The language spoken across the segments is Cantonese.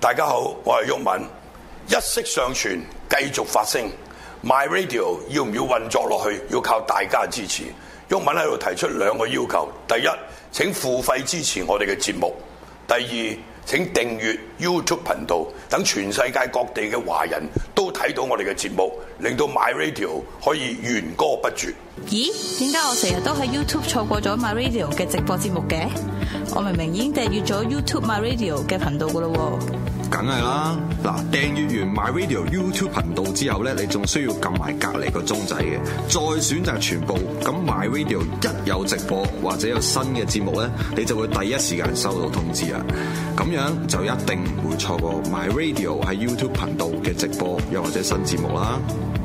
大家好，我係毓民，一息尚存，繼續發聲。My Radio 要唔要運作落去？要靠大家支持。毓民喺度提出兩個要求：第一，請付費支持我哋嘅節目；第二，請訂閱 YouTube 頻道，等全世界各地嘅華人都睇到我哋嘅節目，令到 My Radio 可以源源不絕。咦？點解我成日都喺 YouTube 錯過咗 My Radio 嘅直播節目嘅？我明明已經訂閱咗 YouTube My Radio 嘅頻道噶咯喎，梗係啦。嗱，訂閱完 My Radio YouTube 頻道之後咧，你仲需要撳埋隔離個鐘仔嘅，再選擇全部。咁 My Radio 一有直播或者有新嘅節目咧，你就會第一時間收到通知啊。咁樣就一定唔會錯過 My Radio 喺 YouTube 頻道嘅直播又或者新節目啦。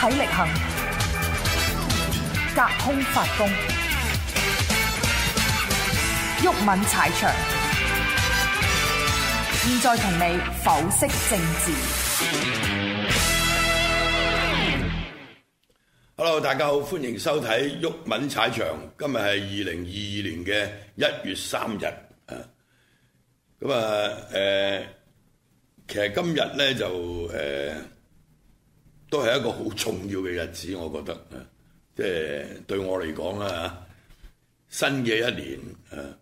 體力行，隔空發功，毓民踩場。現在同你剖析政治。Hello，大家好，歡迎收睇毓民踩場。今日係二零二二年嘅一月三日。咁啊，誒，其實今日咧就誒。都係一個好重要嘅日子，我覺得啊，即係對我嚟講啦嚇，新嘅一年啊，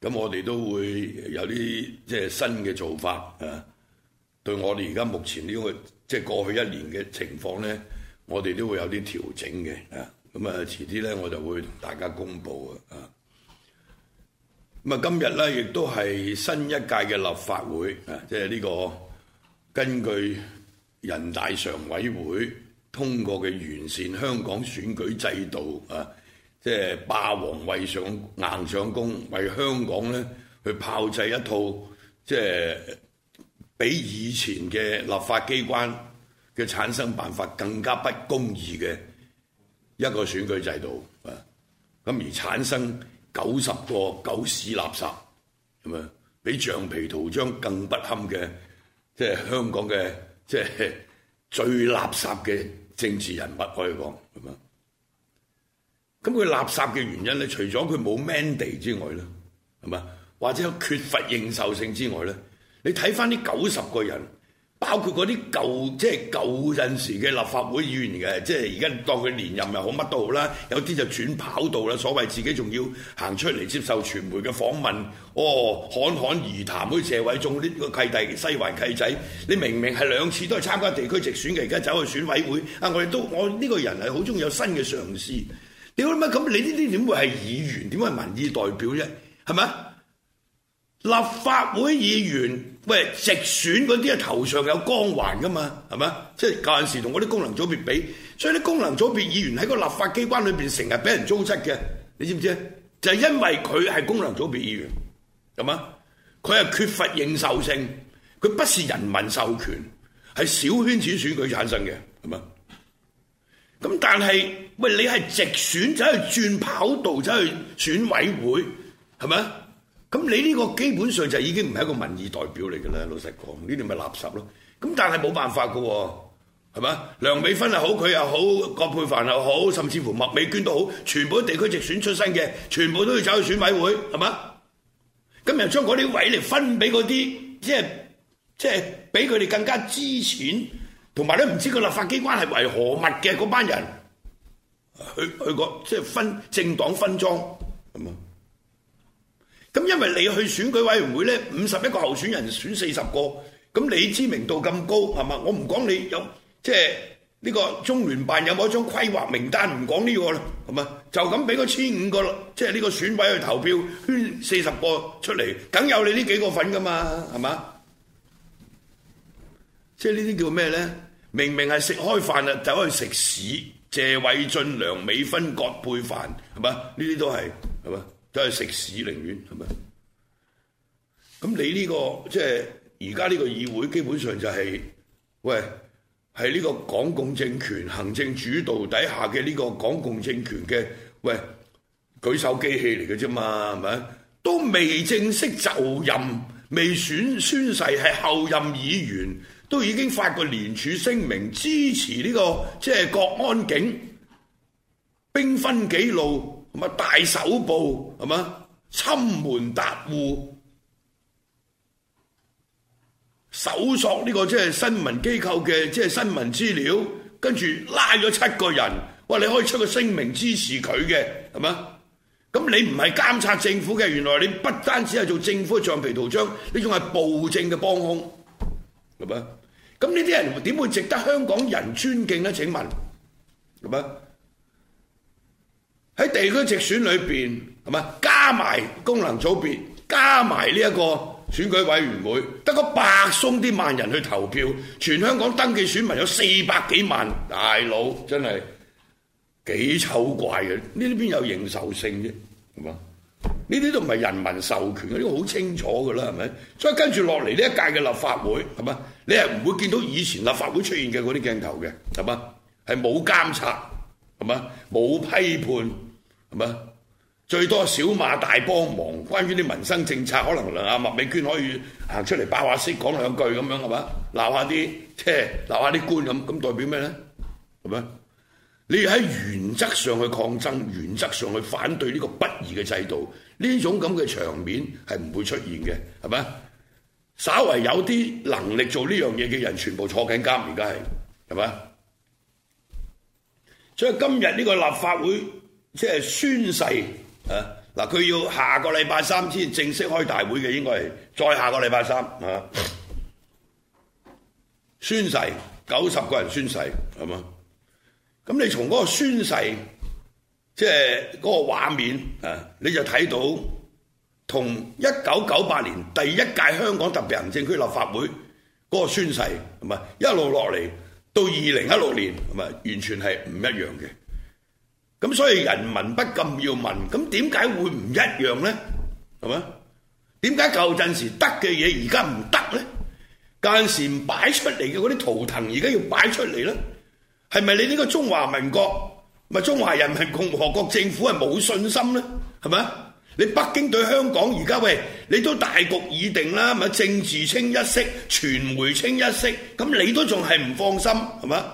咁我哋都會有啲即係新嘅做法啊，對我哋而家目前呢個即係過去一年嘅情況咧，我哋都會有啲調整嘅啊，咁啊遲啲咧我就會同大家公布啊，咁啊今日咧亦都係新一屆嘅立法會啊，即係呢個根據。人大常委會通過嘅完善香港選舉制度啊，即係霸王位上硬上弓，為香港呢去炮製一套即係比以前嘅立法機關嘅產生辦法更加不公義嘅一個選舉制度啊！咁而產生九十個狗屎垃圾咁啊，比橡皮圖章更不堪嘅，即係香港嘅。即係最垃圾嘅政治人物可以講係嘛，咁佢垃圾嘅原因咧，除咗佢冇 mandate 之外咧，係嘛，或者有缺乏認受性之外咧，你睇翻呢九十個人。包括嗰啲舊，即係舊陣時嘅立法會議員嘅，即係而家當佢連任又好乜都好啦，有啲就轉跑道啦，所謂自己仲要行出嚟接受傳媒嘅訪問，哦，侃侃而談，好似謝偉俊呢個契弟、西環契仔，你明明係兩次都係參加地區直選嘅，而家走去選委會，啊我哋都我呢個人係好中意有新嘅嘗試，屌你乜，咁你呢啲點會係議員，點會係民意代表啫，係咪？立法會議員喂，直選嗰啲啊，頭上有光環噶嘛，係咪？即係舊陣時同嗰啲功能組別比，所以啲功能組別議員喺個立法機關裏邊成日俾人糟質嘅，你知唔知道？就係、是、因為佢係功能組別議員，係嘛？佢係缺乏認受性，佢不是人民授權，係小圈子選舉產生嘅，係嘛？咁但係喂，你係直選走去轉跑道走去選委會，係咪？咁你呢個基本上就已經唔係一個民意代表嚟㗎啦，老實講，呢啲咪垃圾咯。咁但係冇辦法㗎喎，係嘛？梁美芬又好，佢又好，葛珮帆又好，甚至乎麥美娟都好，全部都地區直選出身嘅，全部都要走去選委會，係嘛？咁又將嗰啲位嚟分俾嗰啲，即係即係俾佢哋更加資淺，同埋都唔知個立法機關係為何物嘅嗰班人去，去去個即係分政黨分贓咁啊。咁因為你去選舉委員會呢，五十一個候選人選四十個，咁你知名度咁高係嘛？我唔講你有即係呢個中聯辦有冇一張規劃名單不、這個，唔講呢個啦，係嘛？就咁俾嗰千五個即係呢個選委去投票，圈四十個出嚟，梗有你呢幾個份噶嘛，係嘛？即係呢啲叫咩呢？明明係食開飯啊，走去食屎，謝偉俊、梁美芬、葛珮帆，係嘛？呢啲都係係嘛？都係食屎寧願係咪？咁你呢、這個即係而家呢個議會基本上就係、是、喂，喺呢個港共政權行政主導底下嘅呢個港共政權嘅喂，舉手機器嚟嘅啫嘛，係咪？都未正式就任，未宣宣誓係候任議員，都已經發過聯署聲明支持呢、這個即係、就是、國安警兵分幾路。咁啊，大搜捕，係嘛？侵門達戶，搜索呢個即係新聞機構嘅即係新聞資料，跟住拉咗七個人。哇！你可以出個聲明支持佢嘅，係嘛？咁你唔係監察政府嘅，原來你不單止係做政府嘅橡皮圖章，你仲係暴政嘅幫兇，係咪？咁呢啲人點會值得香港人尊敬呢？請問，係咪？喺地區直選裏邊，係咪？加埋功能組別，加埋呢一個選舉委員會，得個百鬆啲萬人去投票，全香港登記選民有四百幾萬大佬，真係幾醜怪嘅。呢啲邊有認受性啫？係嘛？呢啲都唔係人民授權嘅，呢個好清楚噶啦，係咪？所以跟住落嚟呢一屆嘅立法會，係咪？你係唔會見到以前立法會出現嘅嗰啲鏡頭嘅，係嘛？係冇監察，係嘛？冇批判。係嘛？最多小馬大幫忙，關於啲民生政策，可能阿麥美娟可以行出嚟，爆下識講兩句咁樣係嘛？鬧下啲，即係鬧下啲官咁，咁代表咩咧？係咪？你要喺原則上去抗爭，原則上去反對呢個不義嘅制度，呢種咁嘅場面係唔會出現嘅，係咪？稍為有啲能力做呢樣嘢嘅人，現在全部坐緊監，而家係係咪？所以今日呢個立法會。即係宣誓啊。嗱，佢要下個禮拜三先正式開大會嘅，應該係再下個禮拜三啊。宣誓九十個人宣誓，係嘛？咁你從嗰個宣誓，即係嗰個畫面啊，你就睇到同一九九八年第一屆香港特別行政區立法會嗰個宣誓，係咪一路落嚟到二零一六年係咪，完全係唔一樣嘅。咁所以人民不禁要問，咁點解會唔一樣呢？係咪？點解舊陣時得嘅嘢而家唔得呢？舊陣時擺出嚟嘅嗰啲圖騰，而家要擺出嚟呢？係咪你呢個中華民國咪中華人民共和國政府係冇信心呢？係咪？你北京對香港而家喂，你都大局已定啦，咪政治清一色，傳媒清一色，咁你都仲係唔放心係咪？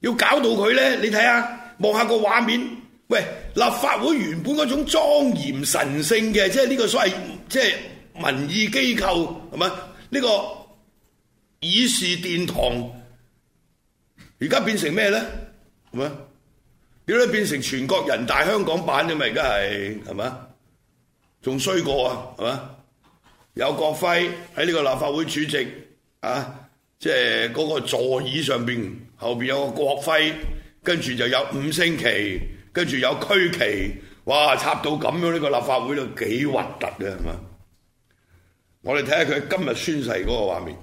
要搞到佢呢？你睇下。望下個畫面，喂！立法會原本嗰種莊嚴、神聖嘅，即係呢個所謂即係民意機構，係咪？呢個議事殿堂，而家變成咩咧？係咪？點解變成全國人大香港版咁啊？而家係係咪仲衰過啊？係咪？有國徽喺呢個立法會主席啊，即係嗰個座椅上邊後邊有個國徽。跟住就有五星旗，跟住有區旗，哇！插到咁樣呢個立法會度幾核突嘅係嘛？我哋睇下佢今日宣誓嗰個畫面，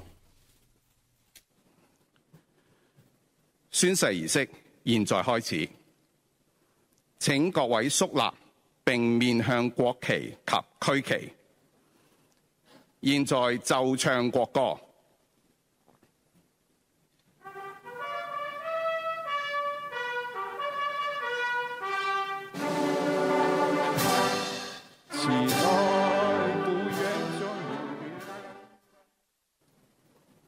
宣誓儀式現在開始。請各位肅立並面向國旗及區旗。現在奏唱國歌。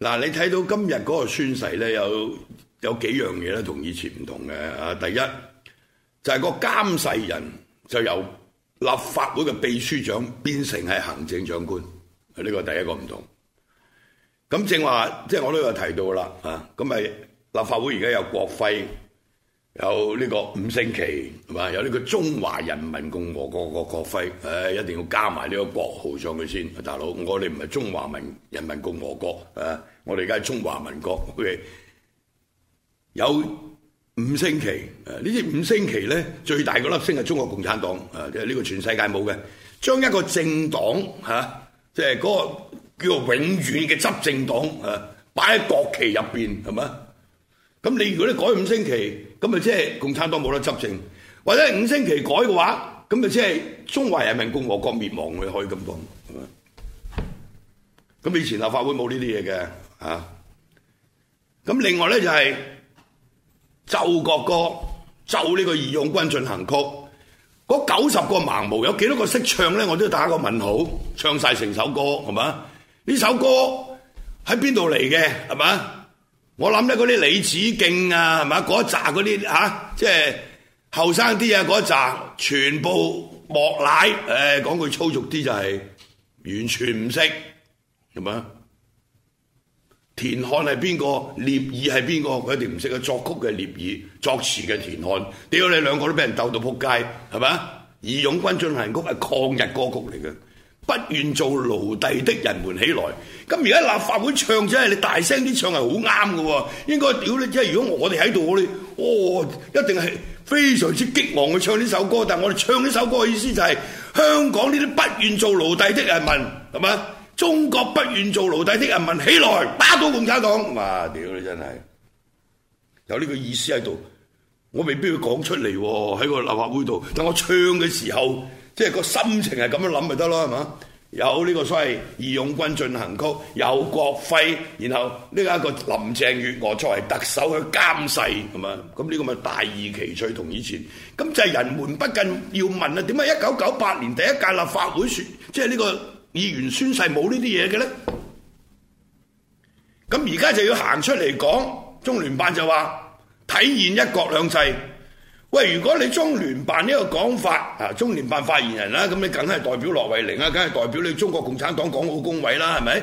嗱，你睇到今日嗰個宣誓呢，有有幾樣嘢呢？同以前唔同嘅。第一就係、是、個監誓人就由立法會嘅秘書長變成係行政長官，呢個第一個唔同。咁正話，即係我都有提到啦。咁咪立法會而家有國徽。有呢個五星旗，係嘛？有呢個中華人民共和國的國徽，唉，一定要加埋呢個國號上去先，大佬。我哋唔係中華民人民共和國，誒，我哋而家係中華民國。OK? 有五星旗，呢啲五星旗咧，最大嗰粒星係中國共產黨，誒，即係呢個全世界冇嘅。將一個政黨吓，即係嗰個叫做永遠嘅執政黨，誒、啊，擺喺國旗入邊，係嘛？咁你如果你改五星旗？咁咪即係共產黨冇得執政，或者係五星旗改嘅話，咁咪即係中華人民共和國滅亡嘅，可以咁講。咁以前立法會冇呢啲嘢嘅，咁、啊、另外咧就係、是、奏國歌、奏呢個義勇軍進行曲，嗰九十個盲毛有幾多個識唱咧？我都打個問號，唱晒成首歌，係嘛？呢首歌喺邊度嚟嘅，係嘛？我諗咧嗰啲李梓敬啊，係嘛？嗰一集嗰啲嚇，即係後生啲啊嗰一集，全部莫奶，誒、呃、講句粗俗啲就係、是、完全唔識，係嘛？田漢係邊個？聶耳係邊個？佢哋唔識嘅，作曲嘅聶耳，作詞嘅田漢。屌你兩個都俾人鬥到撲街，係咪？《義勇軍進行曲》係抗日歌曲嚟嘅。不願做奴隸的人們起來，咁而家立法會唱啫，你大聲啲唱係好啱噶喎，應該屌你，即係如果我哋喺度我哋，哦，一定係非常之激昂去唱呢首歌，但係我哋唱呢首歌嘅意思就係、是、香港呢啲不願做奴隸的人民，係嘛？中國不願做奴隸的人民起來，打倒共產黨！哇，屌你真係有呢個意思喺度，我未必會講出嚟喎，喺個立法會度，但我唱嘅時候。即係個心情係咁樣諗咪得咯，係嘛？有呢個所謂義勇軍進行曲，有國徽，然後呢個一個林鄭月娥作為特首去監誓，係嘛？咁、這、呢個咪大異其趣同以前。咁就係人們不禁要問啦，點解一九九八年第一屆立法會選，即係呢個議員宣誓冇呢啲嘢嘅咧？咁而家就要行出嚟講，中聯辦就話體現一國兩制。喂，如果你中聯辦呢個講法啊，中聯辦發言人啦，咁你梗係代表駱惠寧啦，梗係代表你中國共產黨港澳工委啦，係咪？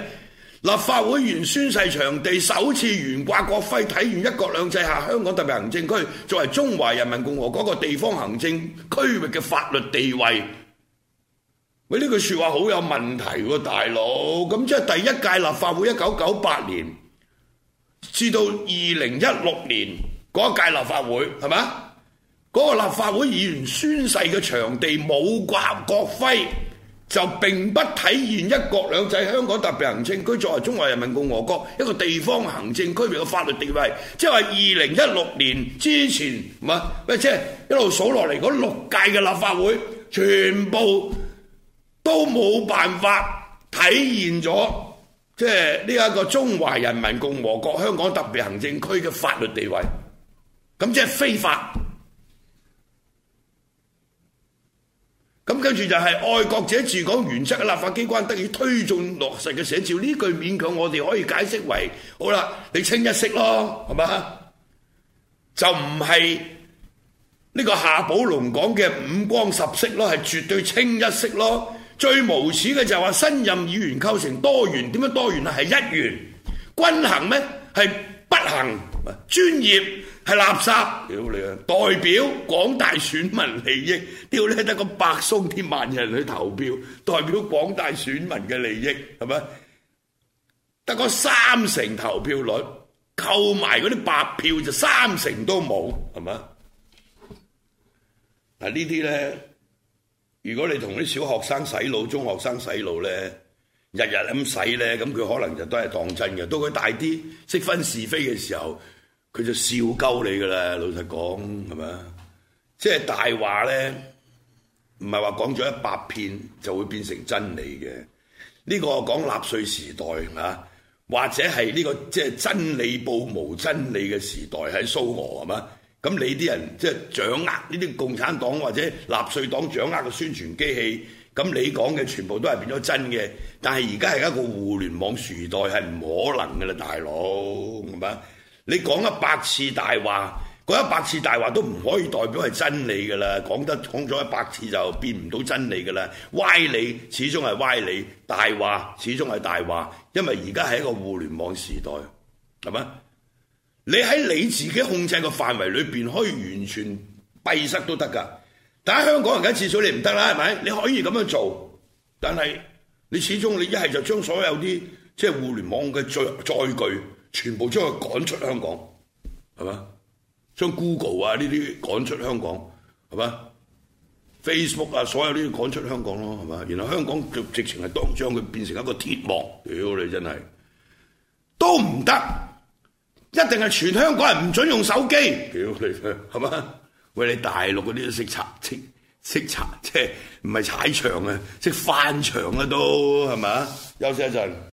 立法會議員宣誓場地首次懸掛國徽，體現一國兩制下香港特別行政區作為中華人民共和國個地方行政區域嘅法律地位。喂，呢句說話好有問題喎，啊，大佬。咁即係第一屆立法會一九九八年至到二零一六年嗰一屆立法會，係咪？嗰個立法會議員宣誓嘅場地冇掛國徽，就並不體現一國兩制、香港特別行政區作為中華人民共和國一個地方行政區域嘅法律地位。即係話，二零一六年之前，唔係，即係一路數落嚟嗰六屆嘅立法會，全部都冇辦法體現咗，即係呢一個中華人民共和國香港特別行政區嘅法律地位。咁即係非法。咁跟住就係愛國者治港原則嘅立法機關得以推進落實嘅寫照，呢句勉強我哋可以解釋為好啦，你清一色咯，係咪？就唔係呢個夏寶龍講嘅五光十色咯，係絕對清一色咯。最無恥嘅就係話新任議員構成多元，點樣多元啊？係一元均衡咩？係不行。專業係垃圾，屌你啊！代表廣大選民利益，屌你得個百鬆添萬人去投票，代表廣大選民嘅利益係咪？得個三成投票率，扣埋嗰啲白票就三成都冇，係咪？嗱呢啲咧，如果你同啲小學生洗腦、中學生洗腦咧。日日咁使咧，咁佢可能就都係當真嘅。到佢大啲識分是非嘅時候，佢就笑鳩你噶啦。老實講，係咪？即係大話咧，唔係話講咗一百遍就會變成真理嘅。呢個講納粹時代嚇，或者係呢個即係、就是、真理報無真理嘅時代喺蘇俄係咪？咁你啲人即係、就是、掌握呢啲共產黨或者納粹黨掌握嘅宣傳機器，咁你講嘅全部都係變咗真嘅，但係而家係一個互聯網時代係唔可能噶啦，大佬係嘛？你講一百次大話，嗰一百次大話都唔可以代表係真理噶啦，講得講咗一百次就變唔到真理噶啦，歪理始終係歪理，大話始終係大話，因為而家係一個互聯網時代係嘛？你喺你自己控制嘅範圍裏邊，可以完全閉塞都得噶。但香港，人家至少你唔得啦，係咪？你可以咁樣做，但係你始終你一係就將所有啲即係互聯網嘅載載具全部將佢趕出香港，係嘛？將 Google 啊呢啲趕出香港，係嘛？Facebook 啊所有呢啲趕出香港咯，係嘛？原來香港就直情係當將佢變成一個鐵幕，屌你真係都唔得，一定係全香港人唔準用手機，屌你，係嘛？喂，你大陸嗰啲都識拆，識識拆即係唔係踩場啊，識翻牆啊都係咪？休息一陣。